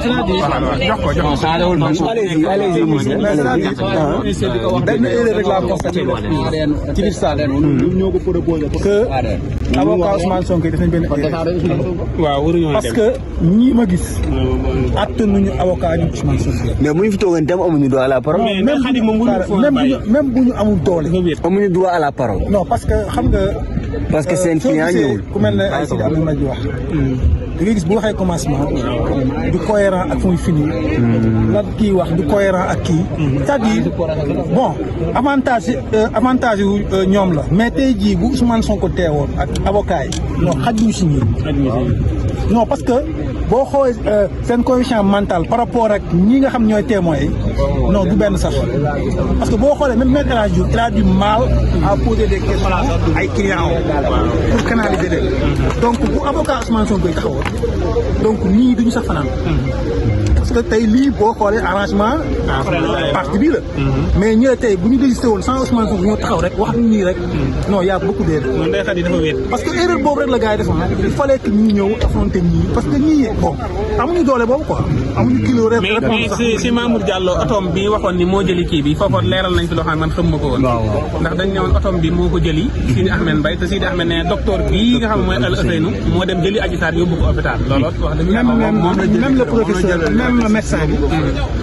jox ko jox ko. xaaral parce que ñi ma gis. attanuñu avocat ñu Ousmane Sonko. mais bu ñu fi toogoon itam amuñu droit la parole. même bu ñu amul doole. amuñu droit la parole. non parce que xam nga. parce que seen client ñëwul ku mel ne mm. ay si wax. da ngay gis bu waxee commencement du cohérent ak fu muy fini. la mm. kii wax du cohérent ak kii. Mm. cest à bon avantage euh, avantage wu euh, ñoom la. mais tey jii bu Ousmane ko teewoon ak avocat yi. non xajuñu si ñun. non parce que boo xoolee euh, seen coefficient mental par rapport ak ñi nga xam ñooy témoins yi du benn sax parce que boo xoolee même maître El Hadj Diouf a waaw donc bu avocat Ousmane Sonko yi taxawoon donc ñii duñu sax fanaan mhm. parce lii boo xoolee arrangement parti bii la mhm. mais ñi tey bu ñu désisté woon sans Ousmane Sonko ñoo taxaw rek wax ñu nii rek mhm. non y a beaucoup d'erreurs parce que erreur boobu rek la gars yi defoon il fallait que ñii ñëw affronter ñii parce que ñii bon amuñu doole boobu quoi amuñu kilo rek mais si si Mamour Diallo otoom bi waxoon ni moo jëli kii bi foofu leeral nañ fi loo xam ne man ma ko woon ndax dañ ne woon otoom Ousseynou moo dem jëli Adji Sarr yóbbu ko hôpital loolu wax dëgg le professeur même le médecin bi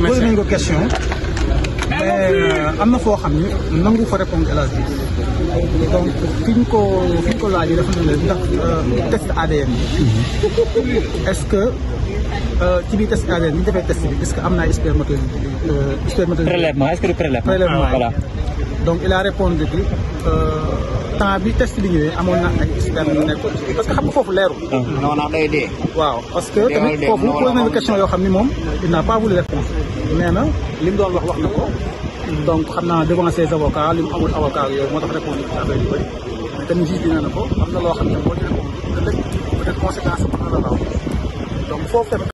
posé nañ mais euh, am na foo xam ne nangu fa répondre El Hadj Diouf donc fi ñu ko fi ñu ko laajee dafa ne la ndax euh, test ADN bi est-ce que euh, ci biir test ADN bi ñu defee test bi est-ce que am naa spermatozoïde spermatozoïde prélèvement est-ce que du prélèvement voilà donc il a répondu que temps bi test bi ñëwee amoon na ay experts yu nekk parce que xam nga foofu leerul. Hmm. waaw parce que foofu posé nañu yoo xam ni moom il n'a pas voulu répondre nee na li mu doon wax wax na ko donc xam naa devant ses avocats li mu amul avocat yooyu moo tax répondre ci affaire yu loo xam ne conséquence mën na la law donc foofu tamit